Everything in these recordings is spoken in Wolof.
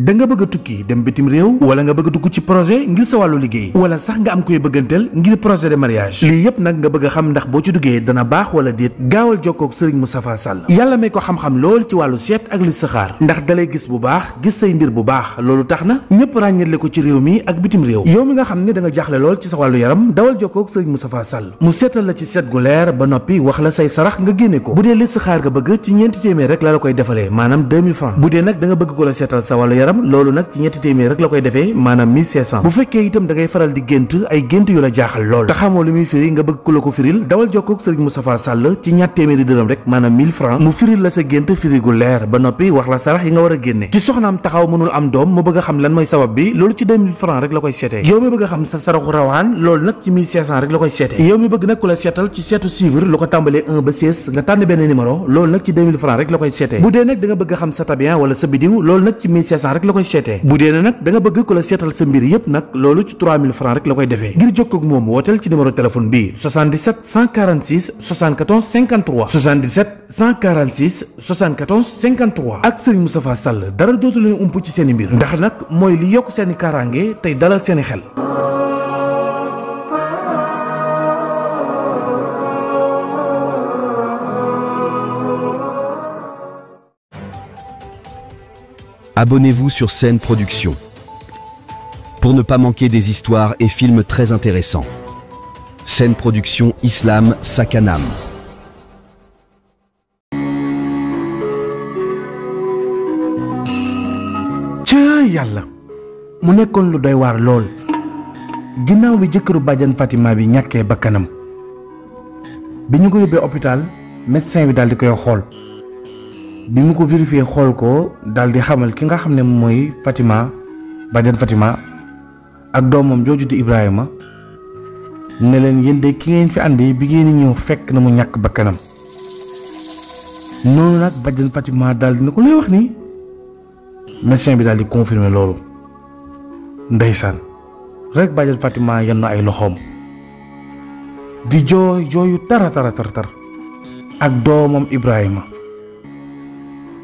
da nga bëgg a tukki dem bitim réew wala nga bëgg dugg ci projet ngir sa wàllu liggéey wala sax nga am koy bëgganteel ngir projet de mariage lii yépp nag nga bëgg a xam ndax boo ci duggee dana baax wala déet gaawal jokkoog Serigne Moustapha Sall yàlla may ko xam-xam lool ci wàllu seet ak li saxaar ndax dalay gis bu baax gis say mbir bu baax loolu tax na ñépp ràññetle ko ci réew mi ak bitim réew yow mi nga xam ne da nga jaaxle lool ci sa wàllu yaram dawal jokkoog Serigne Moustapha Sall la ci seet gu leer ba noppi wax la say sarax nga génne ko sa wàllu yaram yaram loolu nag ci ñetti téeméer rek la koy defee maanaam 1500 bu fekkee itam da faral di gént ay gént yu la jaaxal a génne ci soxnaam taxaw mënul loolu nag ci 1500 rek rek la koy seetee bu dee nag da bëgg xam sa tabian wala sa bidiw loolu nag ci 1500 rek la koy seetee bu dee na nag da nga bëgg ku la seetal sa mbir yépp nag loolu ci 3000 francs rek la koy defee ngir jokkoo ak moom wooteel ci numéro téléphone bii 77 146 ak Serigne Moustapha Sall dara dootu leen ump ci seen i mbir ndax nag mooy li yokk seen i kaaraange tey dalal seen i xel abonnez-vous sur Scène pour ne pas manquer des histoires et films très intéressants. Scène Production Islam Sakanam. ca yàlla mu nekkoon lu doy waar lool ginnaaw bi jëkkëru bàjjan Fatima bi ñàkkee bakkanam bi ñu ko yóbbee hôpital médecin bi daal di koy xool bi mu ko vérifié xool ko daal di xamal ki nga xam ne mooy Fatima Badiane Fatima ak doomam jooju di Ibrahima ne leen yéen de ki ngeen fi àndi bi ngeen ñëw fekk na mu ñàkk bakkanam noonu nag Badiane Fatima daal di ne ko lay wax nii médecin bi daal di confirmer loolu ndeysaan rek Badiane Fatima yenn ay loxoom di jooy jooyu tara tara tar tar ak doomam Ibrahima.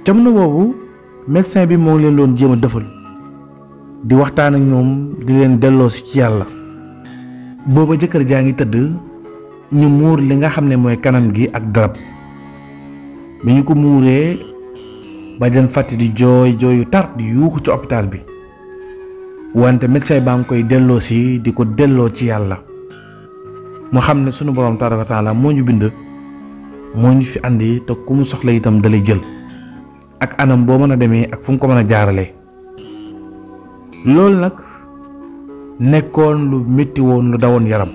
jamono boobu médecin bi moo ngi leen doon jéem a dëfal di waxtaan ak ñoom di leen delloosi ci yàlla booba jëkkër jaa ngi tëdd ñu muur li nga xam ne mooy kanam gi ak darab bi ñu ko muuree ba leen fàtte di jooy jooyu tar di yuuxu ci hôpital bi wante médecin baa ngi koy delloo delloosi di ko delloo ci yàlla mu xam ne sunu borom tabaaraka wa moo ñu bind moo ñu fi andi te ku mu soxla itam dalay jël ak anam boo mën a demee ak fu nga ko mën a jaarale loolu nag nekkoon lu métti woon lu dawoon yaram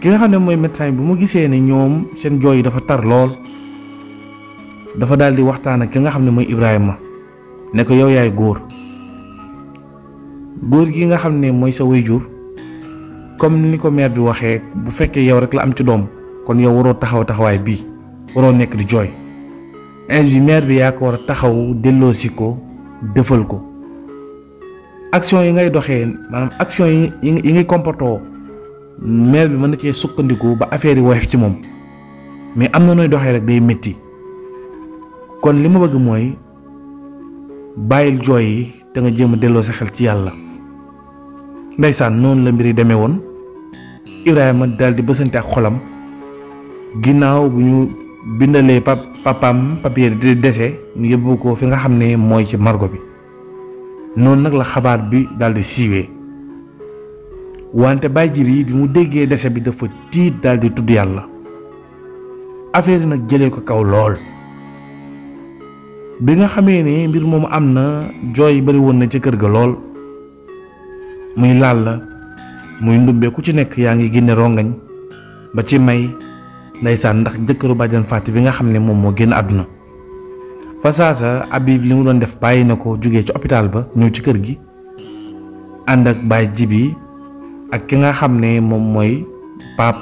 ki nga xam ne mooy médecin bu ma gisee ne ñoom seen jooy yi dafa tar lool dafa daal di waxtaan ak ki nga xam ne mooy Ibrahima ne ko yow yaay góor góor gi nga xam ne mooy sa jur comme ni ko maire bi waxee bu fekkee yow rek la am ci doom kon yow waroo taxaw taxawaay bii waroo nekk di jooy. ingénieur bi yaa ko war a taxawu delloosi ko dëfal ko action yi ngay doxee maanaam action yi yi ngay comportoo maire bi mën na cee sukkandiku ba affaire yi woyof ci moom mais am na nooy doxee rek day métti kon li ma bëgg mooy bàyyil jooy yi te nga jéem a delloo sa xel ci yàlla ndeysaan noonu la mbir yi demee woon Ibrahima dal di bësante ak xolam ginnaaw bu ñu. bindalee pap papam papier di dese ñu yóbbu ko fi nga xam ne mooy ci margo bi noonu nag la xabaar bi daal di siiwee wante Baye Djily bi mu déggee dese bi dafa tiit daal di tudd yàlla affaire yi nag jëlee ko kaw lool bi nga xamee ne mbir moomu am na jooy bari woon na ci kër ga lool muy laal la muy ndumbe ku ci nekk yaa ngi génne rongañ ba ci may ndeysaan ndax jëkkëru bàjjan Faati bi nga xam ne moom moo génn àdduna fa saasa Habib li mu doon def bàyyi na ko jógee ci hôpital ba ñëw ci kër gi ànd ak baay jibi ak ki nga xam ne moom mooy paap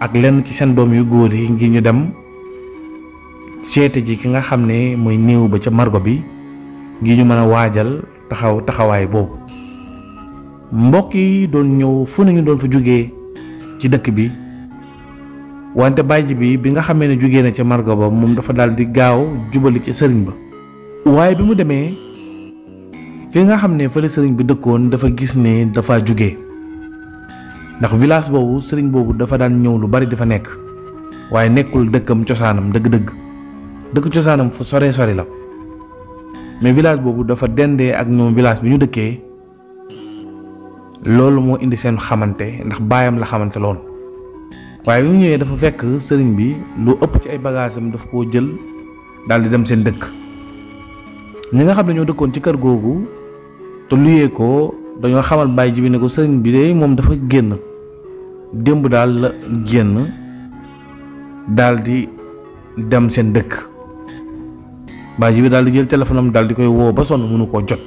ak lenn ci seen doom yu góor yi ngir ñu dem seete ji ki nga xam ne mooy néew ba ca margo bi ngir ñu mën a waajal taxaw taxawaay boobu mbokk yi doon ñëw fu nañu doon fa jóge ci dëkk bi wante bàjj bi bi nga xamee ne jógee na ca margo ba moom dafa daal di gaaw jubali ca sëriñ ba waaye bi mu demee fi nga xam ne fële sëriñ bi dëkkoon dafa gis ne dafa jóge ndax village boobu sëriñ boobu dafa daan ñëw lu bari dafa nekk waaye nekkul dëkkam cosaanam dëgg-dëgg dëkk cosaanam fu sore sori la mais village boobu dafa dendee ak ñoom village bi ñu dëkkee loolu moo indi seen xamante ndax baayam la xamante loon waaye bi mu ñëwee dafa fekk sëriñ bi lu ëpp ci ay bagaasam daf koo jël daal di dem seen dëkk ñi nga xam ne ñoo dëkkoon ci kër googu te luyee ko dañoo xamal baay jibi ne ko sëriñ bi de moom dafa génn démb daal la génn daal di dem seen dëkk bàyyi ji bi daal di jël téléphone am daal di koy woo ba sonn mënu koo jot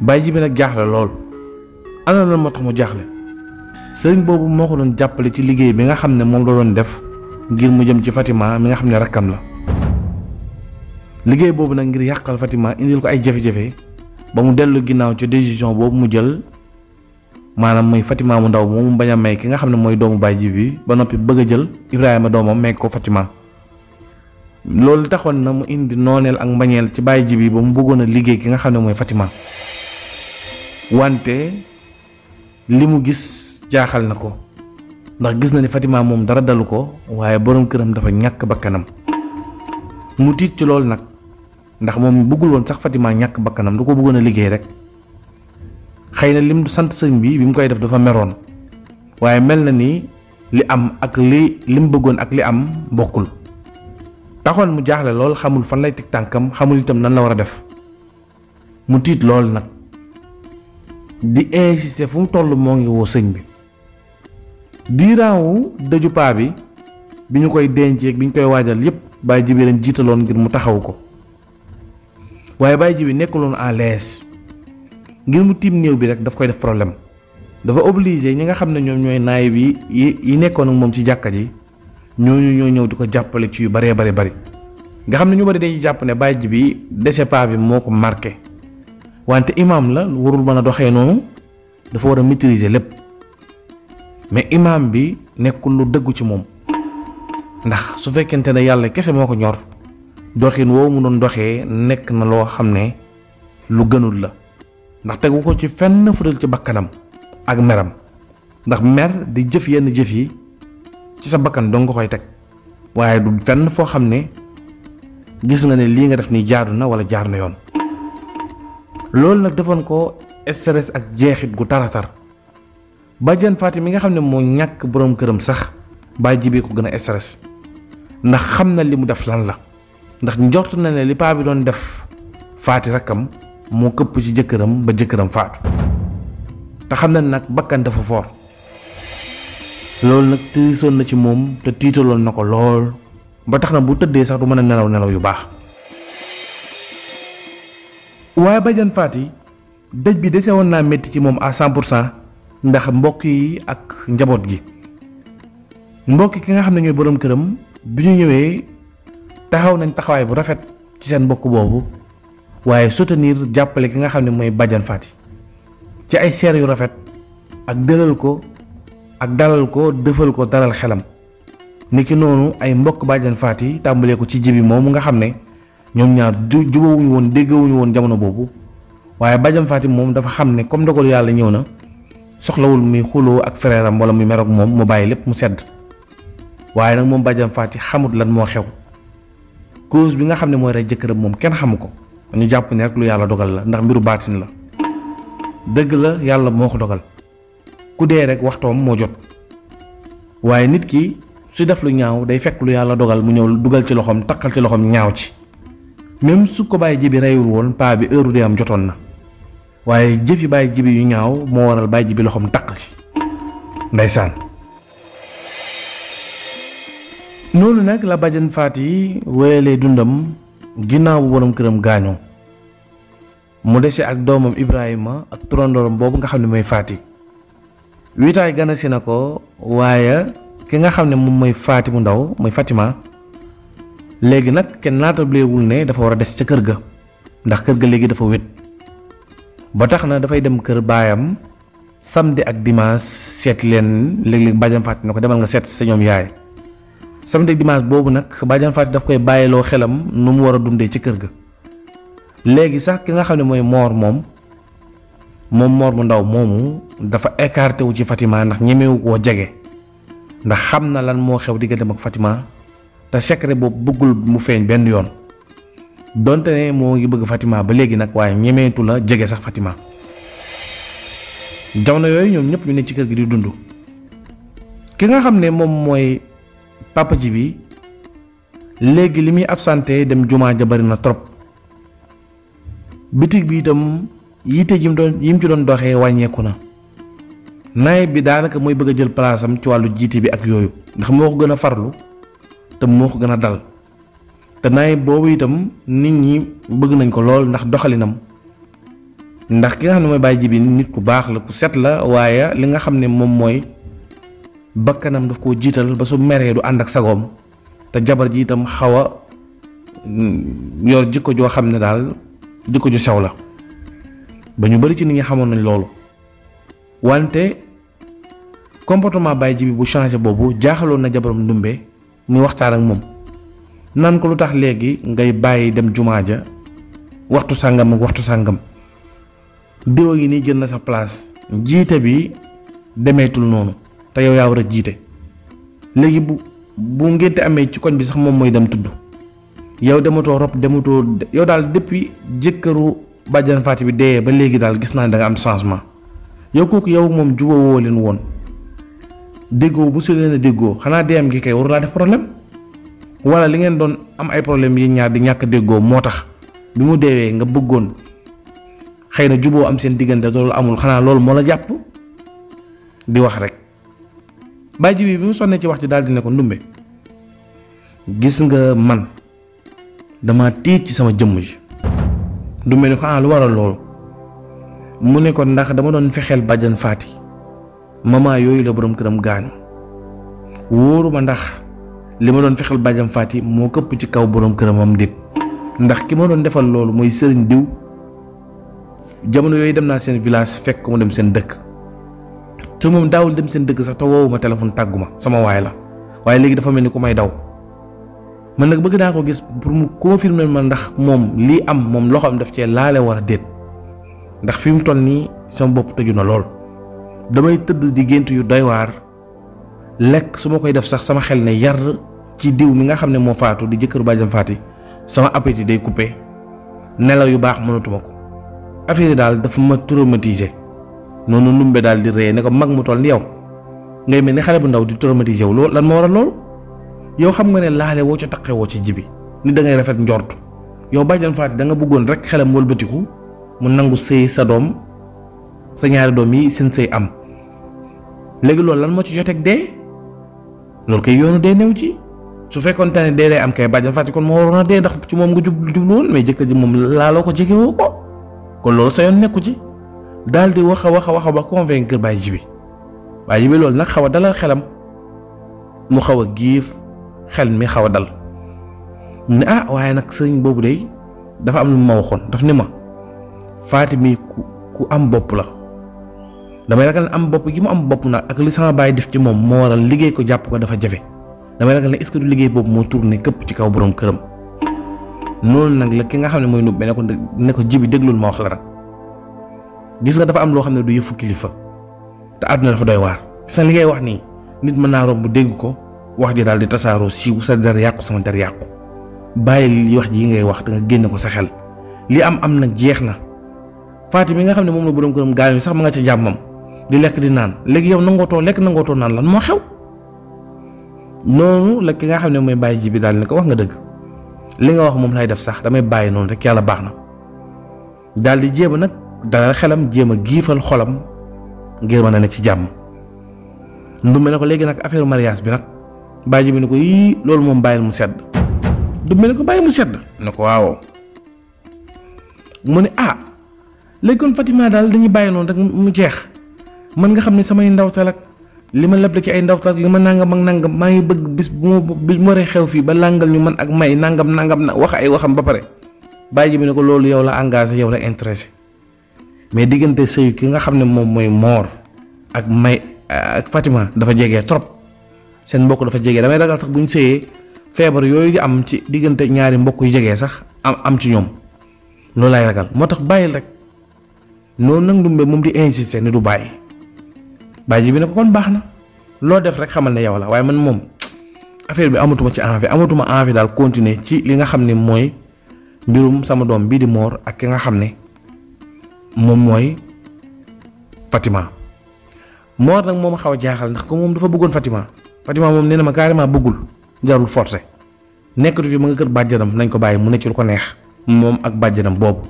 bàyyi ji bi nag jaaxle lool ana lan moo tax mu jaaxle. sëriñ boobu moo ko doon jàppale ci liggéey bi nga xam ne moom la doon def ngir mu jëm ci Fatima mi nga xam ne rakkam la liggéey boobu nag ngir yàqal Fatima indil ko ay jafe-jafe ba mu dellu ginnaaw ci décision boobu mu jël maanaam muy Fatima mu ndaw moom mu bañ a may ki nga xam ne mooy doomu baay ji bi ba noppi bëgg a jël Ibrahima doomam may ko Fatima loolu taxoon na mu indi nooneel ak mbañeel ci baay ji ba mu bëggoon a liggéey ki nga xam ne mooy Fatima wante jaaxal na ko ndax gis na ni Fatima moom dara dalu ko waaye boroom këram dafa ñàkk bakkanam mu tiit ci loolu nag ndax moom bëggul woon sax Fatima ñàkk bakkanam du ko bëggoon a liggéey rek xëy na lim sant sëñ bi bi mu koy def dafa meroon waaye mel na ni li am ak li lim bëggoon ak li am bokkul taxoon mu jaaxle lool xamul fan lay teg tànkam xamul itam nan la war a def mu tiit lool nag di insister fu mu toll moo ngi woo sëñ bi. diiraan wu dëju paa bi bi ñu koy denceeg bi ñu koy waajal yépp bàyyi ji bi jiitaloon ngir mu taxaw ko waaye bàyyi ji bi nekkuloon à l'aise ngir mu tiim néew bi rek daf koy def problème dafa obligé ñi nga xam ne ñoom ñooy naay bi yi nekkoon ak moom ci jàkka ji ñooñu ñoo ñëw di ko jàppale ci yu baree bari bari nga xam ne ñu bari dañuy jàpp ne bàyyi ji bi dese paa bi moo ko marqué wante imaam la warul mën a doxee noonu dafa war a maîtriser lépp. mais imaam bi nekkul lu dëggu ci moom ndax su fekkente ne yàlla kese moo ko ñor doxin woo mu doon doxee nekk na loo xam ne lu gënul la ndax tegu ko ci fenn fudul ci bakkanam ak meram ndax mer di jëf yenn jëf yi ci sa bakkan dong nga koy teg waaye du fenn foo xam ne gis nga ne lii nga def nii jaadu na wala jaar na yoon loolu nag defoon ko stress ak jeexit gu taratar bàjjan Faati mi nga xam ne moo ñàkk boroom këram sax bàyyi jibee ko gën a stress ndax xam na li mu def lan la ndax njort na ne li paa bi doon def faati rakkam moo këpp ci jëkkëram ba jëkkëram faatu te xam na nag bakkan dafa foor loolu nag tiisoon na ci moom te tiitaloon na ko lool ba tax na bu tëddee sax du mën a nelaw nelaw yu baax waaye bàjjan Faati dëj bi dese woon naa metti ci moom a 100 pour cent ndax mbokk yi ak njaboot gi mbokk ki nga xam ne ñooy boroom këram bi ñu ñëwee taxaw nañ taxawaay bu rafet ci seen mbokk boobu waaye soutenir jàppale ki nga xam ne mooy bàjjan Faty ci ay seer yu rafet ak dëlal ko ak dalal ko dëfal ko daral xelam ni ki noonu ay mbokk bàjjan Faty tàmbalee ko ci jibi moomu nga xam ne ñoom ñaar jubawuñu woon déggawuñu woon jamono boobu waaye bàjjan Faty moom dafa xam ne comme ndogalu yàlla ñëw na soxlawul muy xuloo ak frère am wala muy meroog moom mu bàyyi lépp mu sedd waaye nag moom bàjjam faati xamut lan moo xew cause bi nga xam ne mooy rey jëkkëram moom kenn xamu ko dañu jàpp ne rek lu yàlla dogal la ndax mbiru baatin la dëgg la yàlla moo ko dogal ku dee rek waxtoom moo jot waaye nit ki su def lu ñaaw day fekk lu yàlla dogal mu ñëw dugal ci loxoom takkal ci loxoom ñaaw ci même su ko bàyyi ji bi reyul woon paa bi heure dee am jotoon na waaye jëf yi bàyyi jibi yu ñaaw moo waral bàyyi jibi loxoom taq si ndeysaan noonu nag la bàjjan faat yi wéyalee dundam ginnaaw bu borom këram gaañoo mu dese ak doomam Ibrahima ak turandorom boobu nga xam ne mooy faati wiitaay gana si na ko waaye ki nga xam ne moom mooy faati bu ndaw mooy Fatima léegi nag kenn naatablewul ne dafa war a des ca kër ga ndax kër ga léegi dafa wét ba tax na dafay dem kër baayam samedi ak dimanche seet leen léeg-léeg bàjjan na ko demal nga seet sa ñoom yaay samedi ak dimanche boobu nag bàjjan fàtte daf koy bàyyiloo xelam nu mu war a dundee ci kër ga léegi sax ki nga xam ne mooy moor moom moom moor mu ndaw moomu dafa écarté wu ci Fatima ndax ñemewu koo jege ndax xam na lan moo xew diggante ak Fatima te secret boobu bëggul mu feeñ benn yoon donte ne moo ngi bëgg Fatima ba léegi nag waaye ñemeetu la jege sax jaw na yooyu ñoom ñëpp ñu ne ci kër gi di dund ki nga xam ne moom mooy papa bi léegi li muy absenté dem jumaa jabari na trop bitig bi itam yitte jim doon yim ci doon doxee wàññeeku na naayib bi daanaka mooy bëgg a jël place ci wàllu jiite bi ak yooyu ndax moo ko gën a farlu te moo ko gën a dal te naayib boobu itam nit ñi bëgg nañ ko lool ndax doxalinam ndax ki nga xam ne mooy Baye Jibi nit ku baax la ku set la waaye li nga xam ne moom mooy bakkanam daf koo jiital ba su meree du ànd ak sagoom te jabar ji itam xaw a mm, yor jikko joo xam ne daal jikko ju sew la ba ñu bari ci nit ñi xamoon nañ loolu wante comportement baay Jibi bu changé boobu jaaxaloon na jabaram ndumbe muy waxtaan ak moom nan ko lu tax léegi ngay bàyyi dem jumaa ja waxtu sàngam waxtu sàngam diwa yi nii jën na sa place jiite bi demeetul noonu te yow yaa war a jiite léegi bu bu ngénte amee ci koñ bi sax moom mooy dem tudd yow dematoo rob dematoo yow daal depuis jëkkëru bàjjan faati bi deeyee ba léegi daal gis naa ne am changement yow kooku yow moom jubawoo leen woon déggoo bu su leen a déggoo xanaa deem gi kay waru laa def problème wala li ngeen doon am ay problème yi ñaar bi ñàkk déggoo moo tax bi mu deewee nga bëggoon xëy na juboo am seen diggante loolu amul xanaa loolu moo la jàpp di wax rek bàjj ji bi mu sonnee ci wax ci daal di ne ko ndumbe gis nga man dama tiit ci sama jëmm ji ndumbe ni ko ah lu waral loolu mu ne ko ndax dama doon fexeel bàjjan faati maman yooyu la borom këram gaañu wóoru ndax li ma doon fexeel bàjjam faati moo këpp ci kaw boroom këramam déet ndax ki ma doon defal loolu mooy sëriñ diw jamono yooyu dem naa seen village fekk ko mu dem seen dëkk te moom daawul dem seen dëkk sax te woowu ma téléphone tàggu ma sama waay la waaye léegi dafa mel ni ku may daw mën nag bëgg daa ko gis pour mu confirmer ma ndax moom lii am moom loxoom daf cee laale war a déet ndax fi mu toll nii sama bopp tëju na lool damay tëdd di gént yu doy waar lekk su ma koy def sax sama xel ne yar ci diw mi nga xam ne moo faatu di jëkkëru bàjjam faati sama appétit day coupé nelaw yu baax mënatuma ko affaire daal dafa ma traumatisé noonu numbe daal di rey ne ko mag mu toll ni yow ngay mel ni xale bu ndaw di traumatisé wu loolu lan moo waral loolu yow xam nga ne laale woo ca taqe woo ci jibi ni da ngay rafet njort yow bàjjan faati da nga bëggoon rek xelam wëlbatiku mu nangu sëy sa doom sa ñaari doom yi seen sëy am léegi loolu lan moo ci joteeg dee su fekkoon te ne dee am kay bàjjan fàtte kon moo waroon a dee ndax ci moom nga jub jublu woon mais jëkkër ji moom laaloo ko jegewoo ko kon loolu sa yoon nekku ci daal di wax a wax a wax ba convaincre bi waaye ji bi loolu nag xaw a dalal xelam mu xaw a giif xel mi xaw a dal ne ah waaye nag sëriñ boobu day dafa am lu ma waxoon daf ne ma faati mi ku ku am bopp la damay ragal am bopp gi mu am bopp nag ak li sama bàyyi def ci moom moo waral liggéey ko jàpp ko dafa jafe. damay ragal ne est-ce que du liggéey boobu moo tourné këpp ci kaw borom këram noonu nag la ki nga xam ne mooy nub bi ne ko ne ko jibi déglul ma wax la nag gis nga dafa am loo xam ne du yëfu kilifa te àdduna dafa doy waar. sa li ngay wax nii nit mën naa romb dégg ko wax ji dal di tasaaroo siiw sa der yàqu sama der yàqu bàyyi wax ji ngay wax da génne ko sa xel li am am na jeex na Fatou mi nga xam ne moom la borom këram gaañu sax ma nga ca jàmmam di lekk di naan léegi yow nangootoo lekk nangootoo naan lan moo xew. noonu la ki nga xam ne mooy bàyyi ji bi daal ne ko wax nga dëgg li nga wax moom lay def sax damay bàyyi noonu rek yàlla baax na daal di jéem a nag dalal xelam jéem a giifal xolam ngir mën a ne ci jàmm ndumbe ne ko léegi nag affaire mariage bi nag bàyyi ji bi ne ko yii loolu moom bàyyil mu sedd ndumbe ne ko bàyyi mu sedd ne ko waawoo mu ne ah léegi kon daal dañuy bàyyi noonu rek mu jeex mën nga xam ne samay ndawtal ak li ma leb ci ay ndaw li ma nangam ak nangam maa ngi bëgg bis bu ma waree xew fii ba làngal ñu man ak may nangam nangam na wax ay waxam ba pare bàyyi ji bi ne ko loolu yow la engagé yow la intéressé mais diggante sëyu ki nga xam ne moom mooy moor ak may ak Fatima dafa jege trop seen mbokk dafa jege damay ragal sax bu ñu sëyee feebar yooyu di am ci diggante ñaari mbokk yu jege sax am am ci ñoom loolu lay ragal moo tax bàyyil rek noonu nag ndumbe moom di insister ne du bàyyi. bàyyi bi ne ko kon baax na loo def rek xamal ne yow la waaye man moom affaire bi amatuma ci envie amatuma envie daal continuer ci li nga xam ne mooy mbirum sama doom bii di moor ak ki nga xam ne moom mooy Fatima moor nag moom xaw a jaaxal ndax ko moom dafa bëggoon Fatima Fatima moom nee na ma carrément bëggul jarul forcé nekkatu fi mu nga kër bàjjanam nañ ko bàyyi mu ne ci ko neex moom ak bàjjanam boobu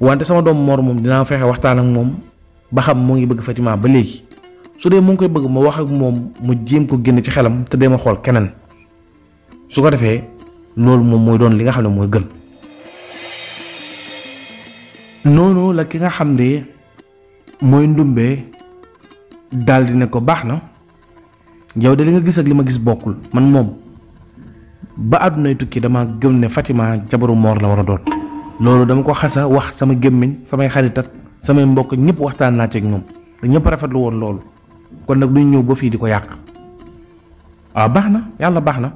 wante sama doom moor moom dinaa fexe waxtaan ak moom ba xam mu ngi bëgg Fatima ba léegi su dee mu ngi koy bëgg ma wax ak moom mu jéem ko génn ci xelam te dee ma xool keneen su ko defee loolu moom mooy doon li nga xam ne mooy gën noonu la ki nga xam ne mooy ndumbe daal ne ko baax na yow de li nga gis ak li ma gis bokkul man moom ba àddunay tukki damaa gëm ne Fatima jabaru moor la war a doon loolu dama ko xasa wax sama gémmiñ samay xarit ak samay mbokk ñëpp waxtaan naa ci ak ñoom te ñëpp rafetlu woon loolu kon nag duñ ñëw ba fii di ko yàq waaw ah, baax na yàlla baax na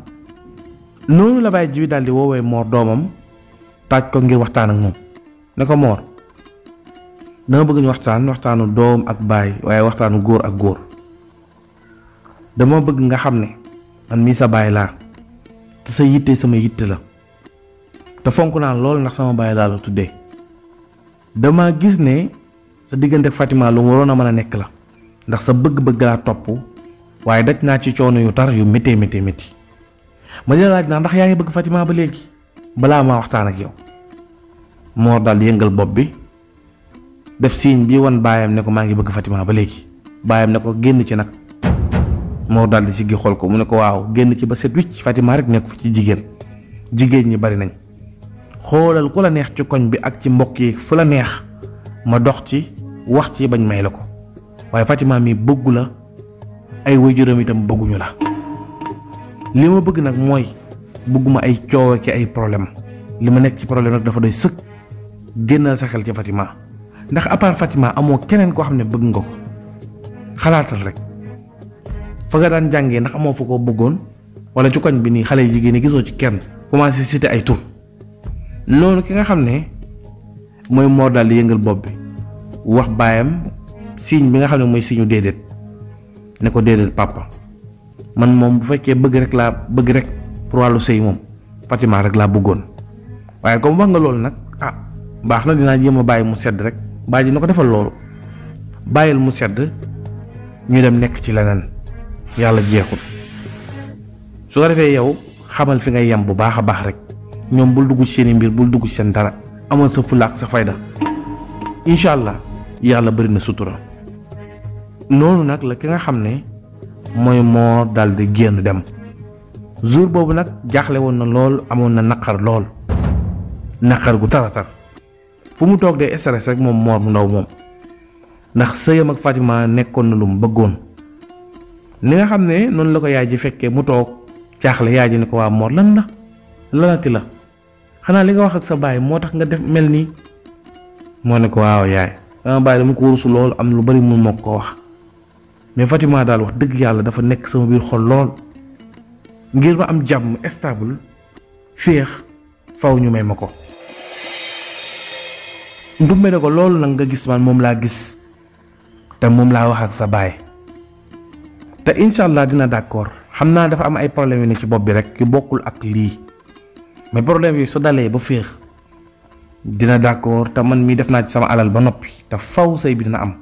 noonu la bàyyi jibi daal di woowee moor doomam taaj ko ngir waxtaan ak moom ne ko moor dama bëgg ñu waxtaan waxtaanu doom ak baay waaye waxtaanu góor ak góor dama bëgg nga xam ne man mii sa baay laa te sa yitte sama yitte la te fonk naa loolu ndax sama baay laa la tuddee dama gis ne sa diggante ak Fatima lu waroon a mën a nekk la ndax sa bëgg-bëgg laa topp waaye daj naa ci coono yu tar yu méttee méttee métti ma dina laaj naa ndax yaa ngi bëgg Fatima ba léegi balaa maa waxtaan ak yow moo daal yëngal bopp bi def siiñ bi wan baayam ne ko maa ngi bëgg Fatima ba léegi baayam ne ko génn ci nag moo daal di siggi xool ko mu ne ko waaw génn ci ba set wicc Fatima rek nekk fu ci jigéen jigéen ñi bari nañ xoolal ku la neex ci koñ bi ak ci mbokk yi fu la neex ma dox ci wax ci bañ may la ko waaye Fatima mi bëggu la ay waajuram itam bëgguñu la li ma bëgg nag mooy bëgguma ay coow ci ay problème li ma nekk ci problème nag dafa doy sëkk génnal sa xel ci Fatima ndax à part amoo keneen koo xam ne bëgg nga ko xalaatal rek fa nga daan jànge ndax amoo fa koo bëggoon wala ci koñ bi nii xale yi jigéen ñi gisoo ci kenn commencé cité ay tur loolu ki nga xam ne mooy Mor daal di yëngal bopp bi wax baayam signe bi nga xam ne mooy signe déedéet ne ko déedéet papa man moom bu fekkee bëgg rek laa bëgg rek pour wàllu sëy moom Fatima rek laa bëggoon waaye comme wax nga loolu nag ah baax na dinaa jéem a bàyyi mu sedd rek bàyyi na ko defal loolu bàyyil mu sedd ñu dem nekk ci leneen yàlla jeexul su ko defee yow xamal fi ngay yem bu baax a baax rek ñoom bul dugg ci seen i mbir bul dugg ci seen dara amoon sa fulaak sa fayda incha yàlla bari na sutura noonu nag la ki nga xam ne mooy moo daal di génn dem jour boobu nag jaaxle woon na lool amoon na naqar lool naqar gu taratar fu mu toog de stress rek moom moor mu ndaw moom ndax sëyam ak Fatima nekkoon na lu mu bëggoon ni nga xam ne noonu la ko yaay ji fekkee mu toog jaaxle yaay ji ne ko waa moor lan la lanati la xanaa li nga wax ak sa baay moo tax nga def mel nii moo ne ko waaw yaay dama bàyyi dama ko wóorusu lool am na lu bari mun moo ko wax mais Fatima daal wax dëgg yàlla dafa nekk sama biir xol lool ngir ma am jàmm stable féex faw ñu may ma ko ndumbe ne ko loolu nag nga gis man moom laa gis te moom laa wax ak sa baay te incha allah dina d'accord xam naa dafa am ay problème yu ne ci bopp bi rek yu bokkul ak lii mais problème yi su dalee ba féex dina d'accord te man mii def naa ci sama alal ba noppi te faw say bi dina am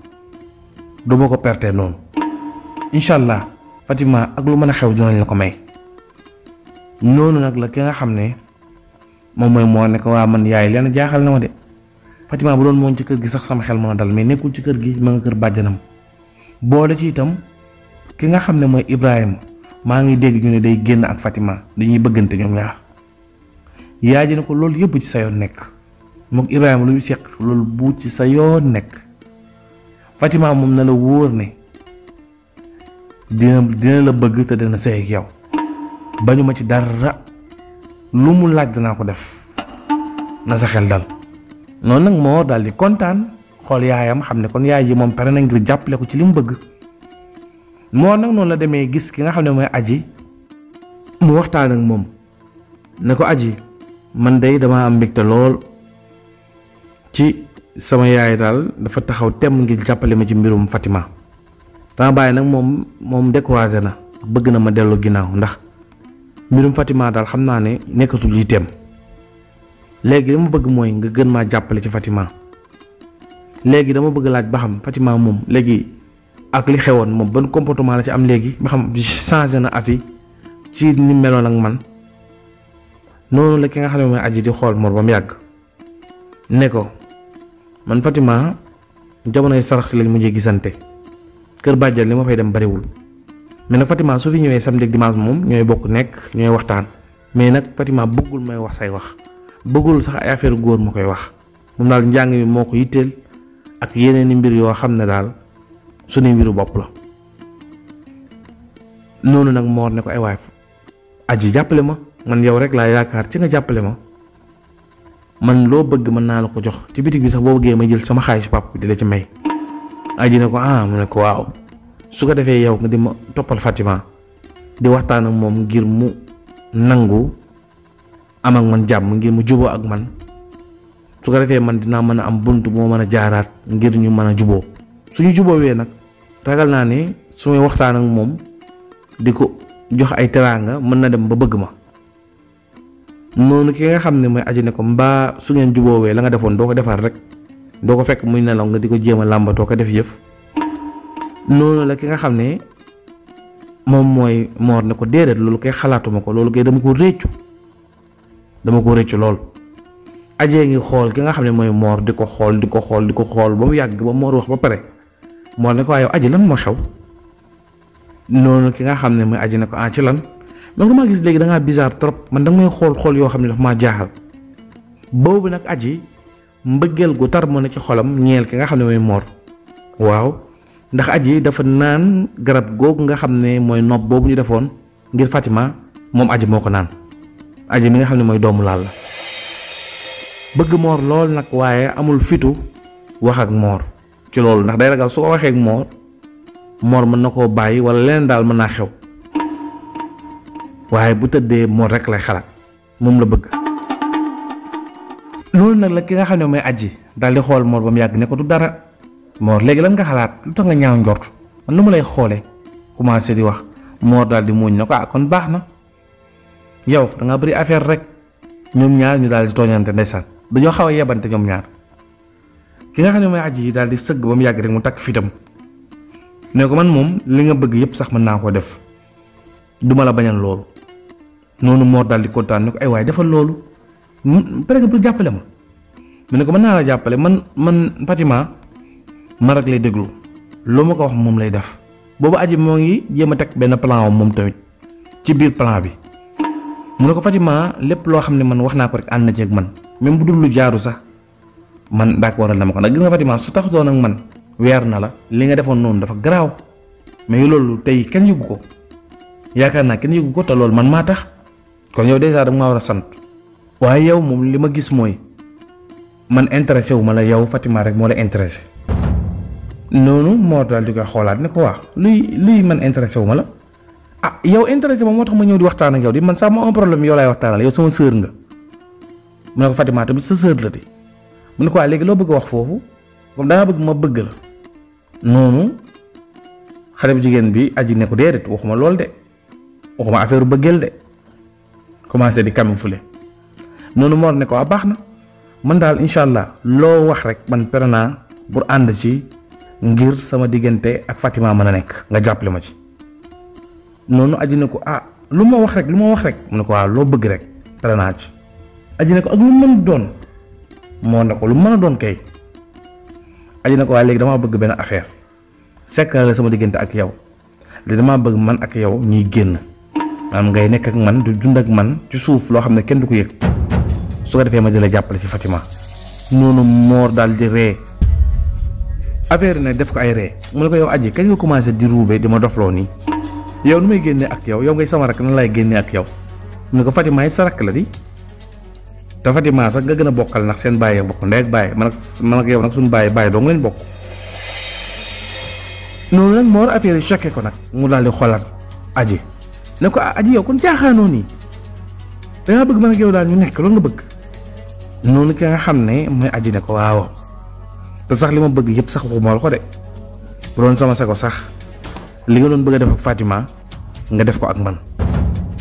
du ma ko perte noonu incha allah Fatima ak lu mën a xew dinañ la ko may noonu nag la ki nga xam ne moom mooy moo ne ko waa man yaay lenn jaaxal na ma de Fatima bu doon moom ci kër gi sax sama xel mën a dal mais nekkul ci kër gi ma nga kër bàjjanam boole ci itam ki nga xam ne mooy Ibrahima maa ngi dégg ñu ne day génn ak Fatima dañuy bëggante ñoom ñaar yaay ji ne ko loolu yëpp ci sa yoon nekk. mook Ibrahima lu ñu seq loolu bu ci sa yoon nekk Fatima moom na la wóor ne dina dina la bëgg tëdd na sëy ak yow bañuma ma ci dara lu mu laaj danaa ko def na sa xel dal noonu nag moo daal di kontaan xool yaayam xam ne kon yaay ji moom pare na ngir jàppale ko ci li mu bëgg moo nag noonu la demee gis ki nga xam ne mooy aji mu waxtaan ak moom ne ko aji man day dama am mbégte lool. ci sama yaay daal dafa taxaw temm ngir jàppale ma ci mbirum Fatima sama baay nag moom moom découragé na bëgg na ma dellu ginnaaw ndax mbirum Fatima daal xam naa ne nekkatul yi teem léegi li bëgg mooy nga gën maa jàppale ci Fatima léegi dama bëgg laaj ba xam Fatima moom léegi ak li xewoon moom ban comportement la ci am léegi ba xam changé na afi ci ni meloon ak man noonu la ki nga xam ne mooy aji di xool mor ba mu yàgg ne ko man Fatima jamonoy sarax si lañ mujjee gisante kër bàjjal li ma fay dem bariwul mais nag Fatima su fi ñëwee samedi ak dimanche moom ñooy bokk nekk ñooy waxtaan mais nag Fatima bëggul may wax say wax bëggul sax ay affaire góor ma koy wax moom daal njàng mi moo ko yitteel ak yeneen i mbir yoo xam ne daal suñu mbiru bopp la noonu nag moor ne ko ay waay aji jàppale ma man yow rek laa yaakaar ci nga jàppale ma man loo bëgg mën naa la ko jox ci bitig bi sax boo bëggee ma jël sama xaalis pap di la ci may aji ne ko ah mu ne ko waaw su ko defee yow nga di ma toppal Fatima di waxtaan ak moom ngir mu nangu am ak man jàmm ngir mu juboo ak man su ko defee man dinaa mën a am bunt boo mën a jaaraat ngir ñu mën a juboo suñu wee nag ragal naa ne su may waxtaan ak moom di ko jox ay teraanga mën na dem ba bëgg ma noonu ki nga xam ne mooy aji ne ko mbaa su ngeen juboowee la nga defoon doo ko defaat rek doo ko fekk muy nelaw nga di ko jéem a làmbatoo ko def yëf noonu la ki nga xam ne moom mooy moor ne ko déedéet loolu kay xalaatuma ko loolu kay dama ko réccu dama ko réccu lool ajee ngi xool ki nga xam ne mooy moor di ko xool di ko xool di ko xool ba mu yàgg ba moor wax ba pare moor ne ko waaye aji lan moo xew noonu ki nga xam ne mooy aji ne ko ah ci lan man damaa gis léegi da ngaa trop man da nga xool xool yoo xam ne daf maa jaaxal boobu nag aji mbëggeel gu tar mën ne ci xolam ñeel ki nga xam ne mooy moor waaw ndax aji dafa naan garab googu nga xam ne mooy nopp boobu ñu defoon ngir Fatima moom aji moo ko naan aji mi nga xam ne mooy doomu laal la bëgg moor lool nag waaye amul fitu wax ak Mor ci loolu ndax day ragal su ko waxee ak moor Mor mën na koo bàyyi wala leneen daal mën naa xew. waaye bu tëddee moom rek lay xalaat moom la bëgg loolu nag la ki nga xam ne mooy aji daal di xool moor ba mu yàgg ne ko du dara moor léegi lan nga xalaat lu tax nga ñaaw njort man lu ma lay xoolee commencé di wax moor dal di muuñ ne ko ah kon baax na yow danga bari bëri affaire rek ñoom ñaar ñu daal di tooñante ndeysaan dañoo xaw a yebante ñoom ñaar ki nga xam ne mooy aji yi daal di sëgg ba mu yàgg rek mu takk fitam ne ko man moom li nga bëgg yëpp sax mën naa koo def duma la bañal loolu noonu moo daal di kontaan ne ko ay waay defal loolu par exemple jàppale ma mu ne ko mën naa la jàppale man man Fatima ma rek lay déglu loo ma ko wax moom lay def boobu aji moo ngi jéem a teg benn plan moom tamit ci biir plan bi mu ne ko Fatima lépp loo xam ne man wax naa ko rek ànd na ci ak man même bu dul lu jaaru sax man d'accord na ma ko nag gis nga Fatima su taxutoon ak man weer na la li nga defoon noonu dafa garaaw mais loolu tey kenn yëgu ko. yaakaar naa kenn yëgu ko te loolu man maa tax kon yow dèjà da nga maa war a sant waaye yow moom li ma gis mooy man intéressé wu ma la yow Fatima rek moo la intéressé noonu moo daal di koy xoolaat ne ko waa luy luy man intéressé wu ma la ah yow intéressé ma moo tax ma ñëw di waxtaan ak yow di man sax ma un problème yow laay waxtaanal yow sama sœur nga mu ne ko Fatima tamit sa sœur la di mu ne ko waa léegi loo bëgg wax foofu comme da nga bëgg ma bëgg la noonu xale bu jigéen bi aji ne ko déedéet waxuma loolu de. waxuma affaire bëggeel de commencé di camoufler noonu Mor ne ko waa ah, baax na man daal incha allah loo wax rek man pare naa pour ànd ci ngir sama diggante ak Fatima mën a nekk nga jàppale ma ci noonu aji ne ko ah lu ma wax rek lu ma wax rek mu ne ko waaw ah, loo bëgg rek pare naa ci aji ne ko ak lu doon moo ne ko lu mën a doon kay aji ko waa léegi damaa bëgg benn affaire sekk la sama diggante ak yow li damaa bëgg man ak yow ñuy génn. maanaam ngay nekk ak man du dund ak man ci suuf loo xam ne kenn du ko yëg su ko defee ma di la jàppale ci Fatima noonu moor dal di ree affaire nag def ko ay ree mu ne ko yow aji kañ nga commencé di ruube di ma dofloo nii yow nu may génnee ak yow yow ngay sama rakk nan lay génne ak yow mu ne ko Fatima yi sa rakk la di te Fatima sax nga gën a bokkal ndax seen bàyyi bokk ndey ak bàyyi man ak man ak yow nag suñu bàyyi bàyyi doo nga leen bokk noonu nag moor affaire ne ko ah aji yow kon caaxaanoo nii da bëgg man ak yow daal ñu nekk loolu nga bëgg noonu ki nga xam ne mooy aji ne ko waaw te sax li ma bëgg yëpp sax waxuma la ko de sama sago sax li nga doon bëgg def ak Fatima nga def ko ak man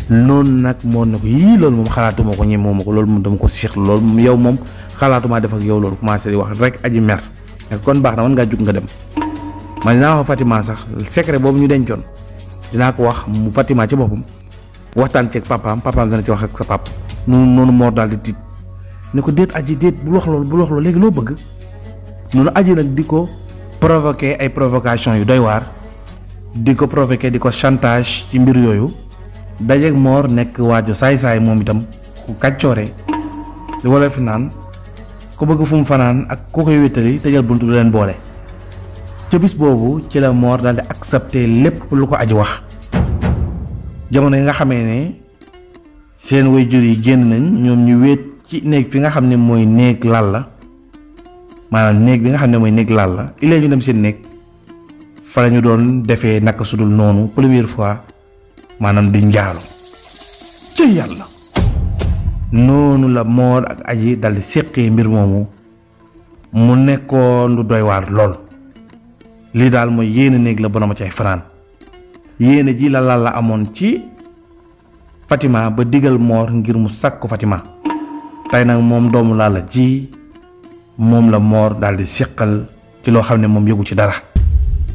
noonu nag moo ne ko yii loolu moom xalaatuma ko ñemewuma ko loolu moom dama ko siix loolu moom yow moom xalaatuma def ak yow loolu commencé di wax rek aji mer kon baax na wan ngaa jug nga dem man dinaa wax Fatima sax secret boobu ñu dencoon. dinaa ko wax mu Fatima ci boppam waxtaan ceeg papaam papaam dana ci wax ak sa pap noonu noonu Mor daal di tiit ne ko déet aji déet bu wax bu wax loolu léegi loo bëgg noonu aji nag di ko provoqué ay provocation yu doy waar di ko provoqué di ko chantage ci mbir yooyu dajeeg Mor nekk waajo saay-saay moom itam ku kàccoore li wala fi naan ku bëgg fu mu fanaan ak ku koy wéttali tëjal bunt du leen boole ca boobu ci la moor daal di accepté lépp lu ko aji wax jamono yi nga xamee ne seen way jur yi génn nañ ñoom ñu wéet ci néeg fi nga xam ne mooy néeg lal la maanaam néeg bi nga xam ne mooy néeg lal la il ñu dem seen néeg fa la ñu doon defee naka sudul noonu première fois maanaam di njaalu ci yàlla noonu la Mor ak aji daldi séqee mbir moomu mu nekkoon lu doy waar lool lii daal mooy yéene néeg la bonoma ci ay fanaan yéene ji la la amoon ci Fatima ba digal moor ngir mu sàkku Fatima tey nag moom doomu Lalla ji moom la moor daal di siqal ci loo xam ne moom yëgu ci dara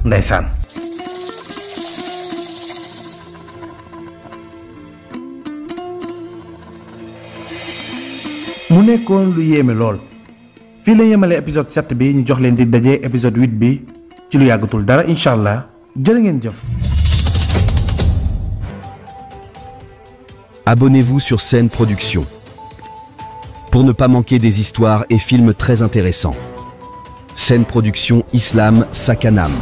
ndeysaan mu nekkoon lu yéeme lool fii la yemale épisode 7 bi ñu jox leen di daje épisode 8 bi ci lu yàggatul dara incha allah jërë ngeen jëf. Abonnez-vous sur Scène Production pour ne pas manquer des histoires et films très intéressants. Scène Production Islam Sakanam.